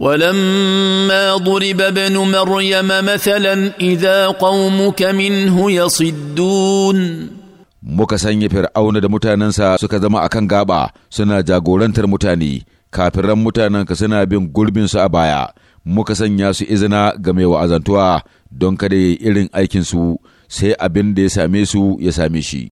ولما ضرب ابن مريم مثلا اذا قومك منه يصدون muka sanya fir'auna da mutanensa suka zama a kan gaba suna jagorantar mutane kafiran mutanenka suna bin gurbinsu a baya muka sanya su izina ga mai wa'azantuwa don kada ya irin aikinsu sai abin da ya same su ya same shi